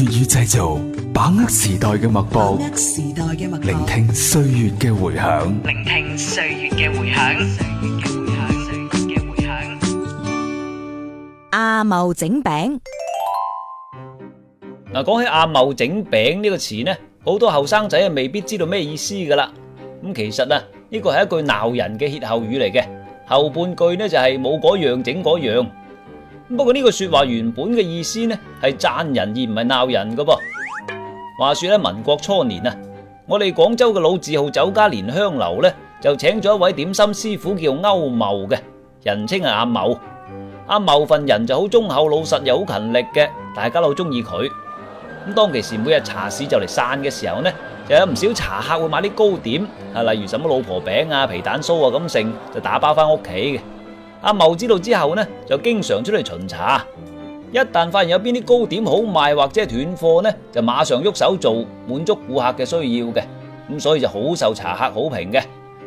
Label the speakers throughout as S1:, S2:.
S1: 粵語製造，把握時代嘅脈搏，把握
S2: 時代嘅脈搏，聆
S1: 聽歲月
S2: 嘅回響，聆聽歲月嘅回響。阿茂整餅，
S3: 嗱，講起阿茂整餅呢個詞咧，好多後生仔啊，未必知道咩意思噶啦。咁其實啊，呢個係一句鬧人嘅歇後語嚟嘅，後半句呢就係冇嗰樣整嗰樣。不過呢個說話原本嘅意思呢，係讚人而唔係鬧人嘅噃。話說咧，民國初年啊，我哋廣州嘅老字號酒家蓮香樓呢，就請咗一位點心師傅叫歐茂嘅，人稱係阿茂。阿茂份人就好忠厚老實，又好勤力嘅，大家都好中意佢。咁當其時每日茶市就嚟散嘅時候呢，就有唔少茶客會買啲糕點，啊，例如什麼老婆餅啊、皮蛋酥啊咁剩，就打包翻屋企嘅。阿茂知道之後呢，就經常出嚟巡查，一旦發現有邊啲糕點好賣或者係斷貨呢，就馬上喐手做，滿足顧客嘅需要嘅，咁所以就好受茶客好評嘅。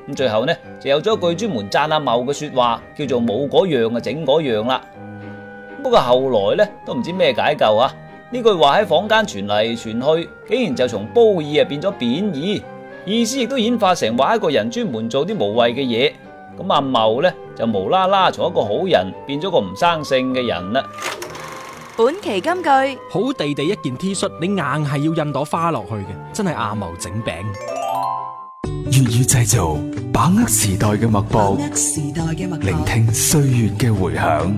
S3: 咁最後呢，就有咗一句專門讚阿茂嘅說話，叫做冇嗰樣啊整嗰樣啦。不過後來呢，都唔知咩解救啊？呢句話喺坊間傳嚟傳去，竟然就從褒義啊變咗貶義，意思亦都演化成話一個人專門做啲無謂嘅嘢。咁阿茂咧就無啦啦從一個好人變咗個唔生性嘅人啦。
S1: 本期金句：
S3: 好地地一件 T 恤，你硬係要印朵花落去嘅，真係阿茂整餅。
S1: 粵語製造，把握時代嘅脈搏，
S2: 聆
S1: 聽歲月嘅回響。